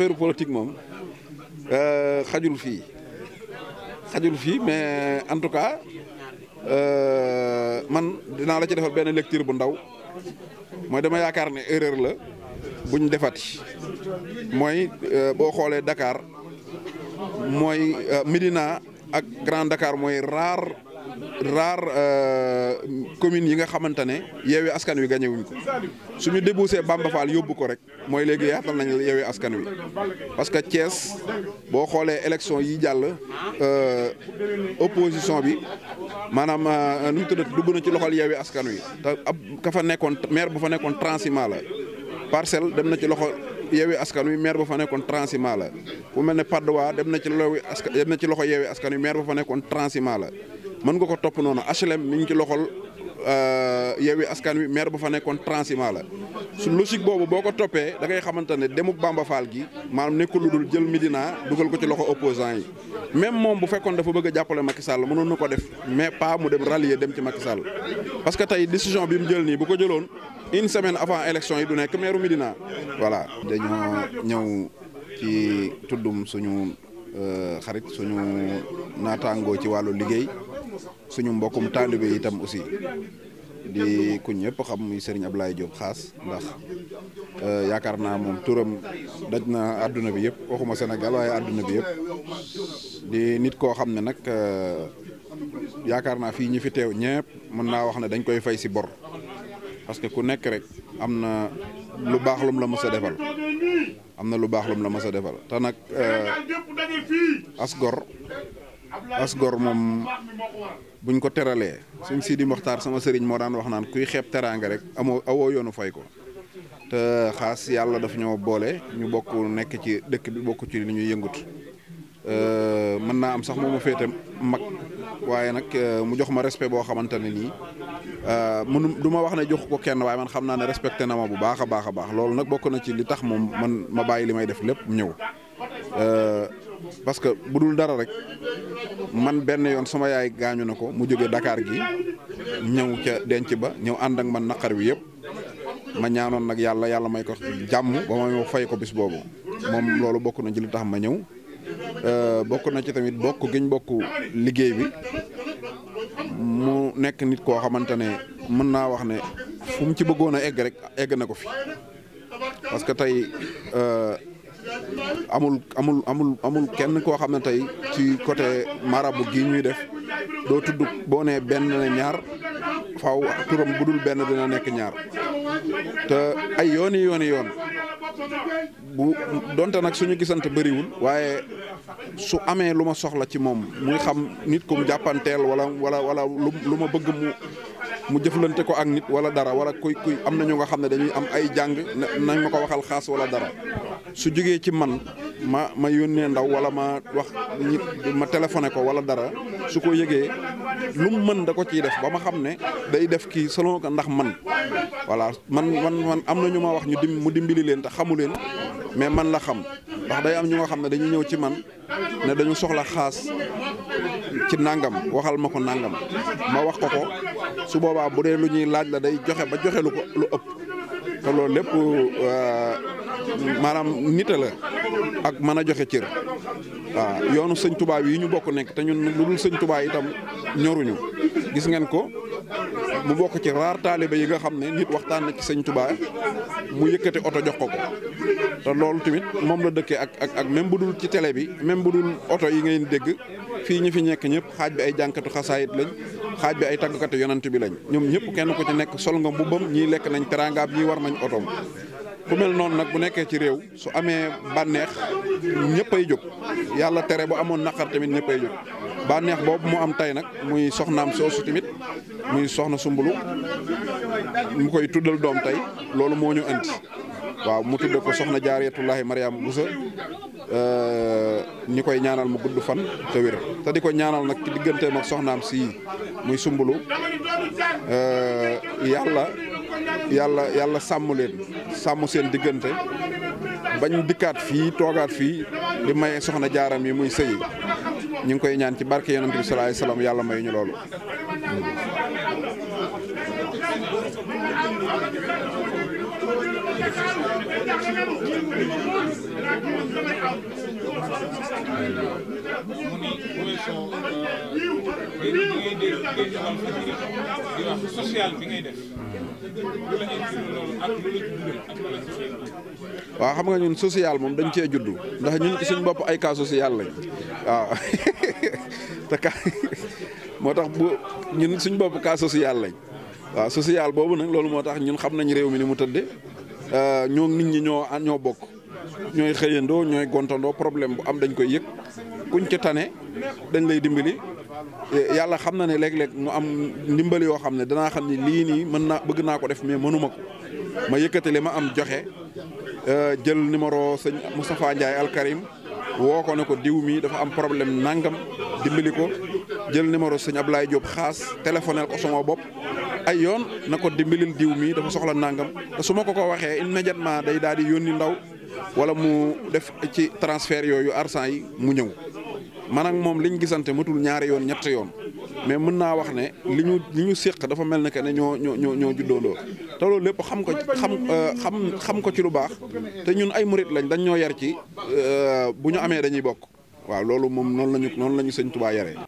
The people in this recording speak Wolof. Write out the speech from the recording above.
affaire politique moom euh, xajul fii xajul fii mais en tout cas euh, man dinaa la ci defal benn lecture bu ndaw mooy dama yaakaar ne erreur la buñ defati mooy euh, boo xoolee Dakar mooy Médina ak Grand Dakar mooy rare. rare euh, communes yi nga xamante ne yeewi askan wi gañe wuñ ko suñu débouché Bamba Fall yóbbu ko rek mooy léegi yaatal nañ la yeewi askan wi parce que Thiès boo xoolee élection yi jàll euh, opposition bi maanaam euh, nu mu tuddati na ci loxol yeewi askan wi te ab ka fa nekkoon maire bu fa nekkoon transiment parcelle dem na ci loxo yeewi askan wi maire ba fa nekkoon transiment la ku mel ne Padoa dem na ci loxo askan dem na ci loxo yeewi askan wi maire ba fa nekkoon transiment la mën nga ko topp noonu HLM mi ngi ci loxol euh, Yewwi Askan Wi maire ba fa nekkoon transiment la su logique boobu boo ko toppee da ngay xamante ne demuk Bamba Fall gi maanaam nekkul lu dul jël Médina dugal ko ci loxo opposant yi même moom bu fekkoon dafa bëgg a jàppale Macky Sall mënoon na ko def mais pas mu dem rallier dem ci Macky Sall parce que tey décision bi mu jël nii bu ko jëloon une semaine avant élection yi du nekk maire Médina voilà. dañoo ñëw ci tuddum suñu euh, xarit suñu naataangoo ci wàllu liggéey. suñu mbokkum taalibe itam aussi di ku ñëpp xam muy Serigne Ablaye Diop xaas ndax euh, yaakaar naa moom turam daj na àdduna bi yëpp waxuma Sénégal waaye àdduna bi yëpp di nit koo xam ne nag euh, yaakaar naa fii ñi fi teew ñëpp mën naa wax ne dañ koy fay si bor parce que ku nekk rek am na lu baax lum la mës a defal am na lu baax lum la mës a defal te nag euh, as gor as gor moom buñ ko teralee sëñ Sidi Moxtaar sama sëriñ moo daan wax naan kuy xeeb teraanga rek amoo awoo yoonu fay ko te xaas yàlla daf ñoo boole ñu bokk nekk ci dëkk bi bokk ci lu ñuy yëngut mën naa am sax moom mu féete mag waaye nag mu jox ma respect boo xamante ne nii mënu du ma wax ne jox ko kenn waaye man xam naa ne respecté na ma bu baax a baax a baax loolu nag bokk na ci li tax moom man ma bàyyi li may def lépp ñëw parce que bu dul dara rek man benn yoon sama yaay gaañu na ko mu jóge dakaar gi ñëw ca denc ba ñëw ànd ak man naqar wi yëpp ma ñaanoon nag yàlla yàlla may ko jàmm ba ma fay ko bis boobu moom loolu bokk na ci li tax ma ñëw euh, bokk na ci tamit bokk giñ bokk liggéey bi mu nekk nit koo xamante ne mën naa wax ne fu ci bëggoon a egg rek egg na ko fi parce tey euh, amul amul amul amul kenn koo xam ne tey ci côté marabu gi ñuy def doo tudd boo nee benn ñaar faaw turam bu dul benn dina nekk ñaar te ay yooni yooni yoon bu donte nag su ñu gisante bariwul waaye su amee lu ma soxla ci moom muy xam nit ku mu jàppanteel wala wala wala lu ma bëgg mu mu jëflante ko ak nit wala dara war a kuy kuy am na ñu nga xam ne dañuy am ay jàng nañ ma ko waxal xaas wala dara su jógee ci man ma ma yónnee ndaw wala ma wax nit ma téléphoné ko wala dara su ko yëgee lu mu mën da ko ciy def ba ma xam ne day def kii selon ko ndax man voilà man man man am na ñu ma wax ñu dim mu dimbali leen te xamu leen mais man la xam ndax day am ñu nga xam ne dañuy ñëw ci man ne dañu soxla xaas ci nangam waxal ma ko nangam ma wax ko ko su boobaa bu dee lu ñuy laaj la day joxe ba joxe lu ko lu ëpp te loolu lépp euh, maanaam nite la ak mën a joxe cër waaw yoonu sëñ tubaab yi ñu bokk nekk te ñun lu dul sëñ Tuubaa itam ñoruñu gis ngeen ko mu bokk ci raar taalibe yi nga xam ne nit waxtaan na ci sëñ Tuubaa mu yëkkati oto jox ko ko te loolu tamit moom la dëkkee ak ak ak même bu dul ci télé bi même bu dul oto yi ngeen dégg fii ñu fi nekk ñëpp xaaj bi ay jànkatu xasaayit lañ xaaj bi ay tàggkatu yonant bi lañ ñoom ñëpp kenn ku ci nekk sol nga mbubbam ñii lekk nañ teraangaab ñii war nañ otoom ku mel noonu nag bu nekkee ci réew su amee bànneex ñëpp ay jóg yàlla tere bu amoon naqar tamit ñëpp ay jóg bànneex boobu mu am tey nag muy soxnaam soosu tamit muy soxna sumbulu mu koy tuddal doom tey loolu mooñu ñu waaw mu tudde ko soxna jaariyatullahi mariama busa euh, ñi koy ñaanal ma gudd fan te wér te di ko ñaanal nag ci digganteem ak soxnaam si muy sumbulu euh, yàlla yàlla yàlla sàmm sàmmu seen diggante bañ dikkaat fii toogaat fii di may soxna jaaram yi muy sëyi ñu ngi koy ñaan ci barke yonent bi salaay salaam yàlla may ñu loolu. mais waaw xam nga ñun social moom dañ cee juddu ndax ñun ci suñu bopp ay cas social lañ waaw te moo tax bu ñun suñu bopp cas social lañ waaw social boobu nag loolu moo tax ñun xam nañ réew mi ni mu tëdde euh, ñoo nit ñi ñoo ñoo bokk ñooy xëyandoo ñooy gontandoo problème bu am dañ koy yëg kuñ ca tane dañ lay dimbali. yàlla xam na ne léeg-léeg mu am ndimbali yoo xam ne danaa xam ne lii nii mën naa bëgg naa ko def mais mënuma ko ma yëkkati ma am joxe euh, jël numéro sëñ Moustapha njaay alkarim woo ko ne ko diw mi dafa am problème nangam dimbali ko jël numéro sëñ Ablaye Diop xaas téléphonel ko sama bopp ay yoon na ko dimbalil diw mi dafa soxla nangam te su ma ko ko waxee immédiatement day daal di yónni ndaw wala mu def ci transfert yooyu argent yi mu ñëw man ak moom liñ gisante matul ñaari yoon ñett yoon mais mën naa wax ne li ñu li ñu séq dafa mel ne que ne ñoo ñoo ñoo ñoo juddoondoo te loolu lépp xam ko xam euh, xam xam ko ci lu baax te ñun ay murit lañ dañ ñoo yar ci euh, bu ñu amee dañuy bokk waaw loolu moom noonu lañu noonu la ñu sëñ Tuubaa yaree